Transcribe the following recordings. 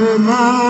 ma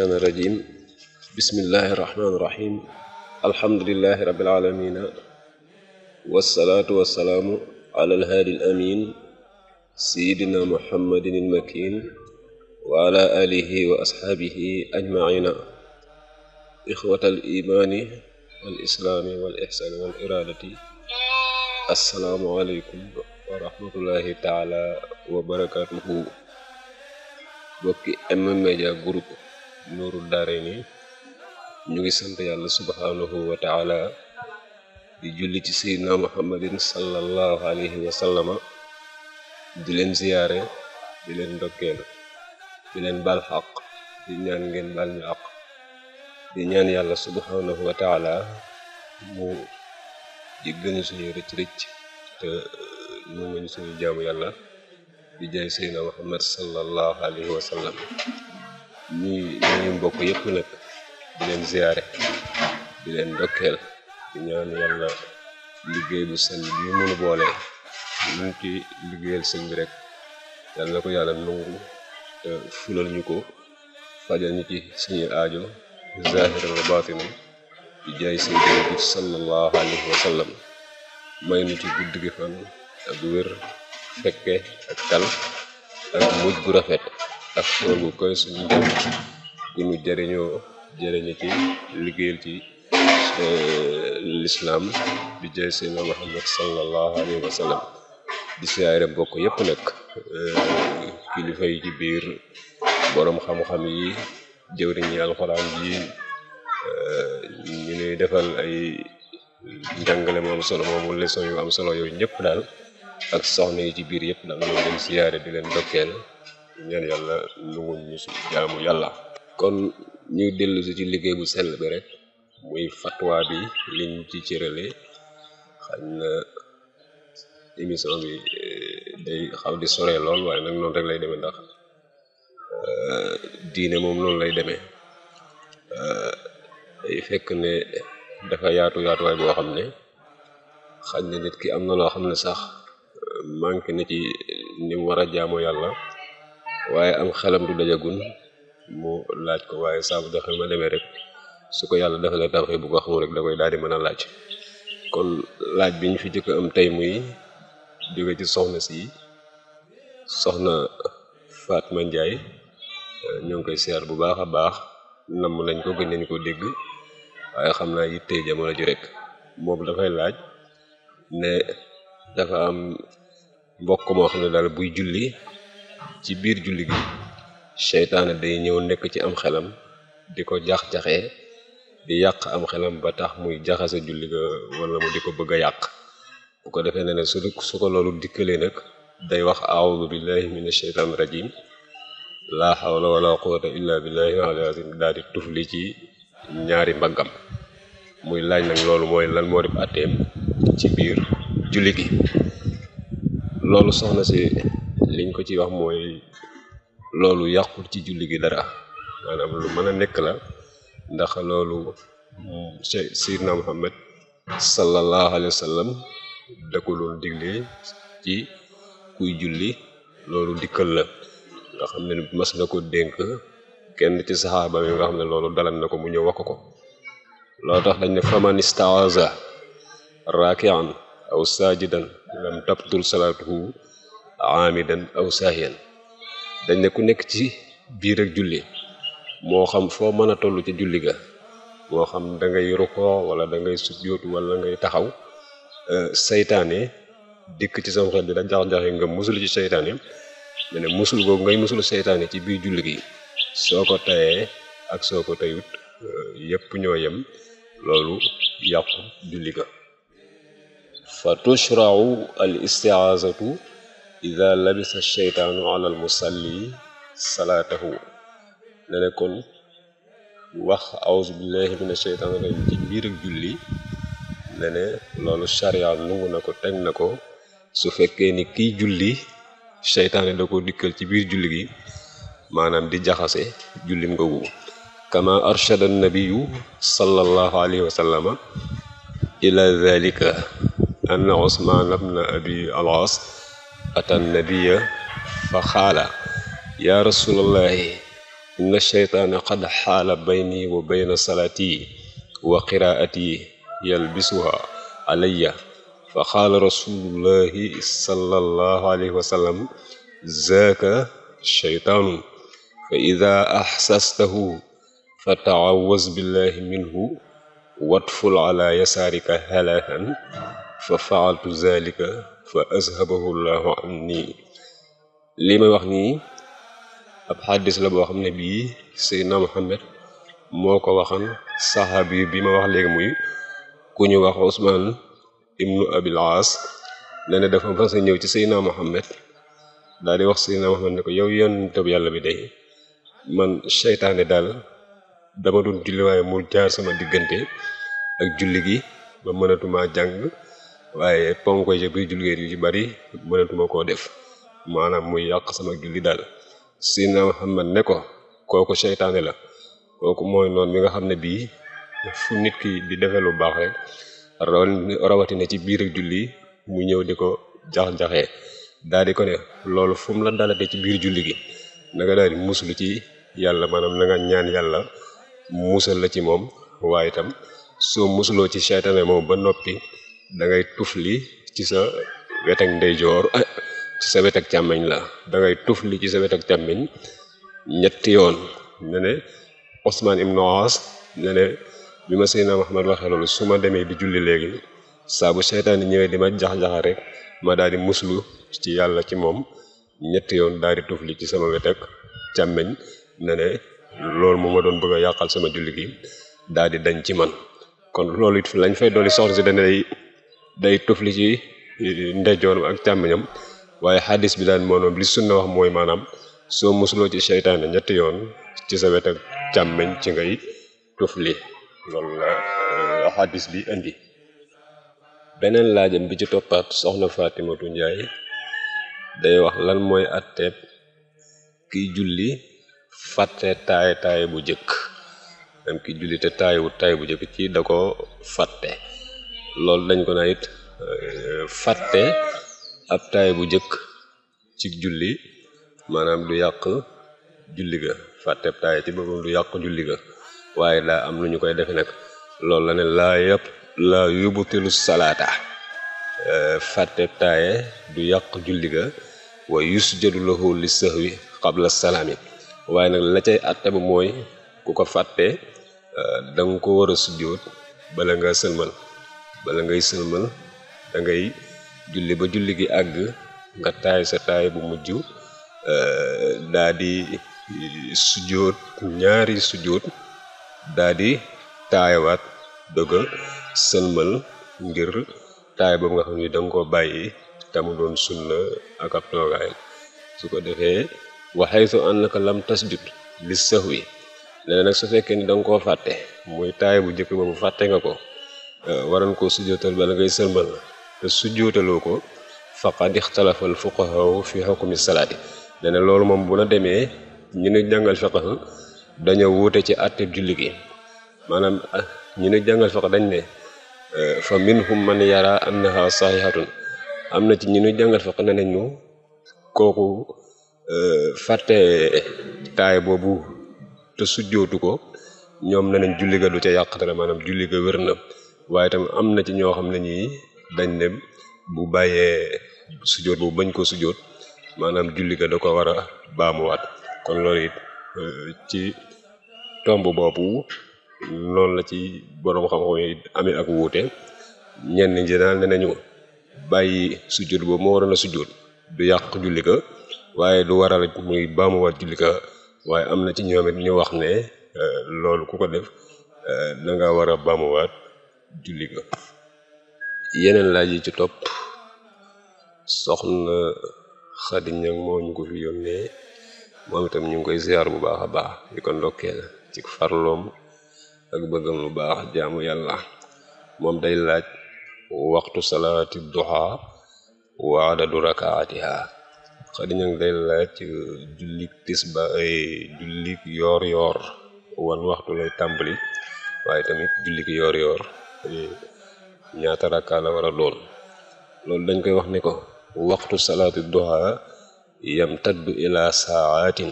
الشيطان الرجيم بسم الله الرحمن الرحيم الحمد لله رب العالمين والصلاة والسلام على الهادي الأمين سيدنا محمد المكين وعلى آله وأصحابه أجمعين إخوة الإيمان والإسلام والإحسان والإرادة السلام عليكم ورحمة الله تعالى وبركاته mbokki M Media Group nuurul daare ni ñu ngi sant yàlla subhaanahu wa taala di julli ci seydina muhammadin sallallahu alayhi di leen ziyaare di leen ndokkeel di leen baal xaq ngeen baal ñaan yàlla subhaanahu wa taala mu jéggal ñu suñu rëcc rëcc te yàlla di jaay seydina muhammad sallallahu alayhi wa sallam ñuy ñuy mbokk yëpp nag di leen ziyaare di leen ndokkeel di ñaan yàlla liggéey bu sell bi mënu boole ñu ci liggéeyal sëñ bi rek yàlla ko yàlla nangu fulal ñu ko fajal ñu ci suñu aajo zahira wa baatina di jaay sëñ bi sallallahu alayhi wa sallam may nu ci gudd gi fan ak wér fekke ak tal ak mujj gu rafet ak xéwal gu koy suñu gu ñu jëriñoo ci liggéeyal ci euh, lislaam di jëy seydina muhammad sallallahu alayhi wa di siyaare mbokk yépp nag euh, kilifa yi ci biir boroom xam-xam yi jëwriñ yi alxuraan yi euh, ñu nuy defal ay njàngale mu am solo moomu leçon yu am solo yooyu ñëpp daal ak soxna yi ci biir yëpp daal ñu leen siyaare di leen dokkeel ñaan yàlla lu mu ñu si jaamu yàlla kon ñuy dellu ci liggéey bu sell bi rek muy fatwa bi liñ ci cërale xañ na émission bi eh, day xaw di sore lool waaye nag noonu rek lay demee ndax eh, diine moom noonu lay demee eh, day fekk ne dafa yaatu yaatuwaay boo xam ne xañ na nit ki am na loo xam ne sax manqué na ci ni war a jaamu yàlla waaye am xelam du dajagun mu laaj ko waaye saabu bu ma demee rek su ko yàlla dafa defalee tawxi bu ko xamul rek da koy daal di mën a laaj kon laaj bi ñu fi jëkk am tey muy jóge ci soxna si soxna ma njaay ñoo ngi koy seer bu baax a baax nam nañ ko gën nañ ko dégg waaye xam naa yitte jamono ji rek moom dafay laaj ne dafa am mbokk moo xam ne daal buy julli ci biir julli gi seytaane day ñëw nekk ci am xelam di ko jax jaxe di yàq am xelam ba tax muy jaxase julli ga wala mu di ko bëgg a yàq bu ko defee ne ne su su ko loolu dikkalee nag day wax aoudu billahi mina sheytaani rajim la hawla wala quwwata illa billahi al azim daal tufli ci ñaari mbaggam muy laaj nag loolu mooy lan moo dem atteem ci biir julli gi loolu soxna si liñ ko ci wax mooy loolu yàqul ci julli gi dara maanaam lu mën a nekk la ndax loolu Cheikh Seydina Muhammad sallallahu alayhi wa da ko doon digle ci kuy julli loolu dikkal la nga xam ne mas na ko dénk kenn ci saxaaba yi nga xam ne loolu dalan na ko mu ñëw wakk ko loo tax dañ ne faman istaaza rakian aw sajidan lam tabtul salaatuhu amidan aw saahiyan dañ ne ku nekk ci biir ak julli moo xam foo mën a toll ci julli ga moo xam da ngay rukoo wala dangay ngay sujjóot wala ngay taxaw euh, saytaane dikk ci sam xel bi da jax-jaxe nga musul ci saytaane ne ne musul googu ngay musul saytaane ci biir julli gi soo ko tayee ak soo ko tayut euh, yépp ñoo yem loolu yàqu julli ga fa tushrau al istiazatu ida labisa sheytaanu alal musalli salaatahu ne ne kon wax awuzu billahi mina sheytaani rajim ci biir ak julli ne ne loolu charia nungu na ko teg na ko su fekkee ni kiy julli seytaane da ko dikkal ci biir julli gi maanaam di jaxase jullim googu kama arshada nabiyu sallallahu alayhi wa sallama ila dhalika anna usman ibn abi al-as ata nabiya fa xaala yaa rasulallahi inna sheytaana qad xaala bayni wa bayna salaati wa qiraati yalbisuha alayya fa qaala rasulullahi sallallahu alayhi wa sallam zaaka sheytaanu fa ida axsastahu fa taawaz billahi minhu watful ala yasaarika halakan fa faaltu zalika fa azhabahu llahu anni li may wax nii ab xaddis la boo xam ne bii seydna Muhammad moo ko waxan saxaabi bi ma wax léegi muy ku ñu wax Usmaan ibnu Abil Aas ne ne dafa mas a ñëw ci seydna Muhammad daal di wax seydna Muhammad ne ko yow yonent bi yàlla bi day man seytaane daal dama doon julli waaye mu jaar sama diggante ak julli gi ba mënatumaa jàng waaye ponk yi ci yi jullit yu ci bari mënatuma koo def maanaam mu yàq sama julli daal Seydina Muhammad ne ko kooku seytaane la kooku mooy noonu mi nga xam ne bii fu nit ki di defe lu baax rek rawatina ci biir ak julli mu ñëw di ko jax jaxe daal di ko ne loolu fu la dalate ci biir julli gi na nga daal ci yàlla maanaam na nga ñaan yàlla musal la ci moom waaye itam soo musuloo ci seytaane moom ba noppi da ngay tufli ci sa wetak ndeyjoor eh, ci sa wetak càmmeñ la dangay ngay tufli ci sa wetak càmmeñ ñetti yoon ne ne Usmaan ibnu Aas ne ne bi ma Seydina Muhammad waxee loolu su ma demee di julli léegi saabu bu ñëwee di ma jax-jaxa rek ma daal di muslu ci yàlla ci moom ñetti yoon daal di tufli ci sama wetak càmmeñ ne ne loolu moo ma doon bëgg a yàqal sama julli gi daal dañ ci man kon loolu it lañ fay dolli soxna si dana day tufli ci e, ndeyjooram ak càmmiñam waaye xaddis bi daan moonoom li sunna wax mooy maanaam soo mosuloo ci seytaane ñetti yoon ci sa wet ak càmmiñ ci ngay tufli loolu la xaddis bi indi beneen laajam bi ci toppaat soxna Fatimatu Njaay day wax lan mooy atteeb kiy julli fàtte taay taay bu jëkk am kiy julli te taay wu taay bu jëkk ci da ko fàtte loolu dañ ko naa it euh, fàtte ab taay bu jëkk ci julli maanaam du yàq julli ga du yàq julli waaye daa am lu ñu koy defe nag loolu la ne laa yëpp laa yubtilu salaata euh, fàtte ab taaye du yàq julli ga wa yusjadu lahu li sahwi qabla salaami waaye nag la cay àtte ba mooy ku ko fàtte euh, da ko war a sujjóot bala nga sëlmal bala ngay sëlmal da ngay julli ba julli gi àgg nga taay sa taay bu mujj euh, daa di sujjóot ñaari sujjóot daa di taayawaat doga sëlmal ngir taay boobu nga xam ni danga ko bàyyi tamu doon sunna ak ab toogaay su ko defee waxaytu annaka lam tasjud li sahwi nee nag su fekkee ni danga koo fàtte muy taay bu njëkk boobu fàtte nga ko Euh, waroon koo sujjootal bala ngay sërmal te sujjootaloo ko faqad ixtalafa al fuqahaa fi xukmi salaati dana loolu moom bu la demee ñu nu jàngal fiqh dañoo wuute ci àtte julli maanaam ah, ñu nu jàngal fiqh dañ ne euh, fa minhum man yara annaha saxihatun am na ci ñu nu jàngal fiqh ne nañu kooku euh, fàtte taay boobu te sujjootu ko ñoom ne nañ julli ga du ca yàq dara maanaam julli ga wér na waaye tamit am na ci ñoo xam ne ñii dañ ne bu bàyyee sujjóot boobu bañ ko sujjóot maanaam julli ga da ko war a baamuwaat kon loolu euh, ci tomb boobu la ci boroom xam-xam yi amee ak wuute ñenn ñi daal ne nañu bàyyi sujjóot boobu moo waroon a sujjóot du yàq julli ga waaye du waral muy baamuwaat julli ga waaye am na ci ñoom it ñu wax ne euh, loolu ku ko def da euh, nga war a baamuwaat julli ga yeneen laaj yi ci topp soxna Xadi Ñaŋ ñu ko fi yónnee moom itam ñu ngi koy ziar bu baax a baax di ko ndokkeel ci farloom ak bëggam lu baax jaamu yàlla moom day laaj waxtu salaati duha wa du rakaati Xadi Ñaŋ day laaj jullik tisba ay jullik yoor yoor wan waxtu lay tàmbali waaye tamit jullik yoor yoor Eh, ñaata rakkaa la war a doon loolu dañ koy wax ni ko waxtu salaati duha yamtaddu ila saatin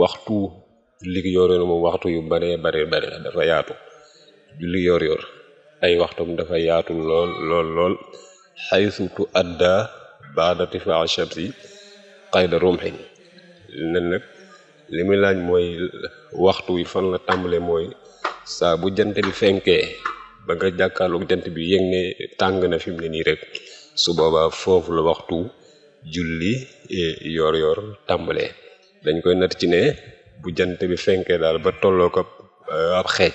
waxtu jullig yoor yoor moom waxtu yu baree bare bare la dafa yaatu jullig yoor yoor ay waxtum dafa yaatu lool lool lool xaytu tu adda baada tifaa shamsi qayda rumxin nen nag li mooy waxtu wi fan la tàmbale mooy saa bu jant bi fenkee ba nga jàkkaarloog jant bi yëg ne tàng na fi mu ne nii rek su boobaa foofu la waxtu julli e, yoor yoor tàmbalee dañ koy nat ci ne bu jant bi fenkee daal ba tolloo ko euh, ab xeej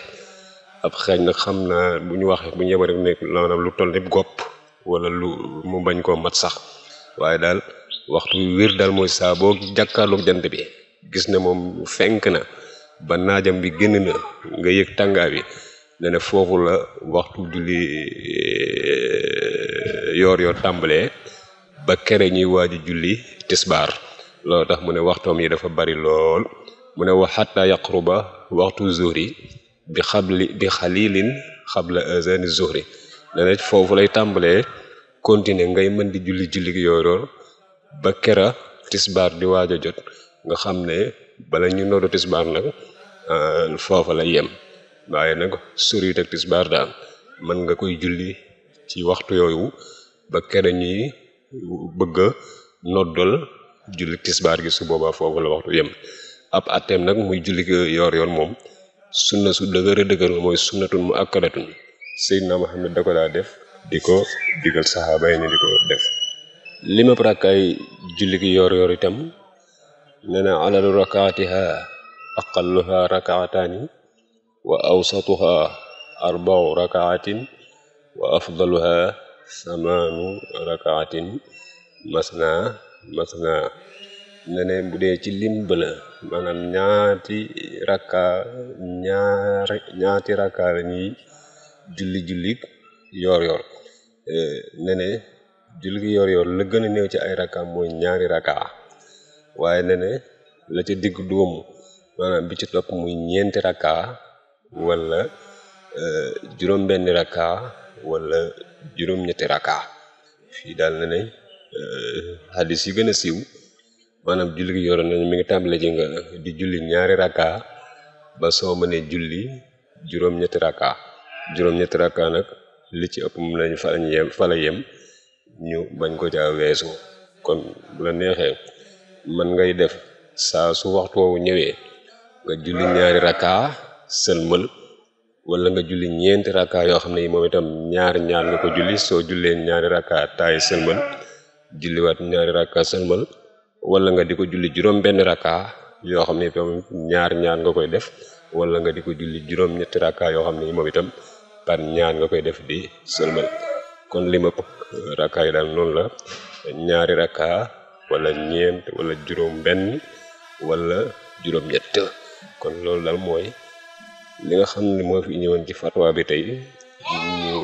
ab xeej nag xam naa bu ñu waxee bu ñu yema rek nekk maanaam lu toll lépp gopp wala lu mu bañ koo mat sax waaye daal waxtu wér daal mooy saaboo boo jàkkaarloog jant bi gis ne moom fenk na ba naajam bi génn na nga yëg tàngaay bi ne foofu la waxtu julli eh, yoor yoor tàmbalee ba kere ñuy waaji julli tisbaar loolu tax mu ne waxtoom yi dafa bari lool mu ne wa xatta yaqruba waxtu zuhri bi xabli bi xalilin xabla azani zuhri ne foofu lay tàmbalee continuer ngay mën di julli julli yoor yoor ba kera tisbaar di waaj a jot nga xam ne bala ñu noodu tisbaar nag eh, foofa lay yem waaye nag sori teg tisbaar daa man nga koy julli ci waxtu yooyu ba kere ñuy bëgga a noddal julli tisbaar gi su boobaa foofu la waxtu yem ab atteem nag muy julli yor yoon moom sunna su dëgëra dëgër mooy sunnatun mu akkadatun Seydina Muhammad da ko daa def di ko digal saxaaba ni di ko def li ma rakkaay julli gi yor yor itam nee na alalu rakaatiha aqalluha rakaataani wa awsatuha arbau rakaatin wa afdaluha samaanu rakaatin masna masna ne bu dee ci lim bala maanaam ñaati rakka ñaari ñaati rakka la julli jullik yoor yoor eh, ne ne julli gi la gën a néew ci ay rakka mooy ñaari rakka waaye ne la ca digg doomu maanaam bi ci topp muy ñeenti rakka wala euh, juróom benn raka wala juróom ñetti raka fii daal na ne xadis euh, yi gën a siiw maanaam julli gi yoroon nañ mi ngi tàmbale ji nga di ñaari raka ba soo mënee julli juróom ñetti raka juróom ñetti raka nag li ci ëpp mu lañu fa lañu yem fa la yem ñu bañ ko caa weesu kon bu la neexee man ngay def saa su waxtu woowu ñëwee nga julli ñaari raka sëlmal wala nga julli ñeenti rakka yoo xam ne yi moom itam ñaari ñaar nga ko julli soo jullee ñaari rakka taay sëlmal julliwaat ñaari rakka sëlmal wala nga di ko julli juróom benn rakka yoo xam ne itam ñaar ñaar koy def nga di ko julli juróom ñetti yoo xam ne yi moom itam par ñaar nga koy def di sëlmal kon li rakka yi daal noonu la ñaari rakka wala ñeent wala juróom benn wala juróom ñett kon loolu daal mooy li nga xam ne moo fi ñëwoon ci fatwa bi tey ñu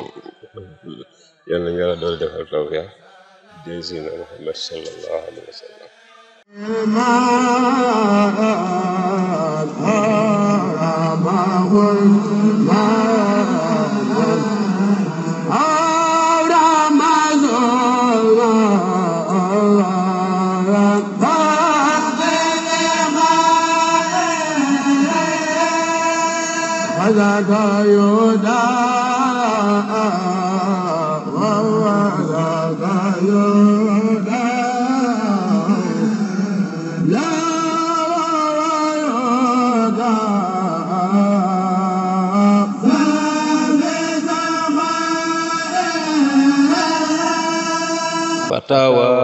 yal nañu yàlla doon defal tawfiq jaysina muhammad sallallahu alayhi wa sallam ما ذاك يودا وهو ذاك يودا لا يودا فتاوى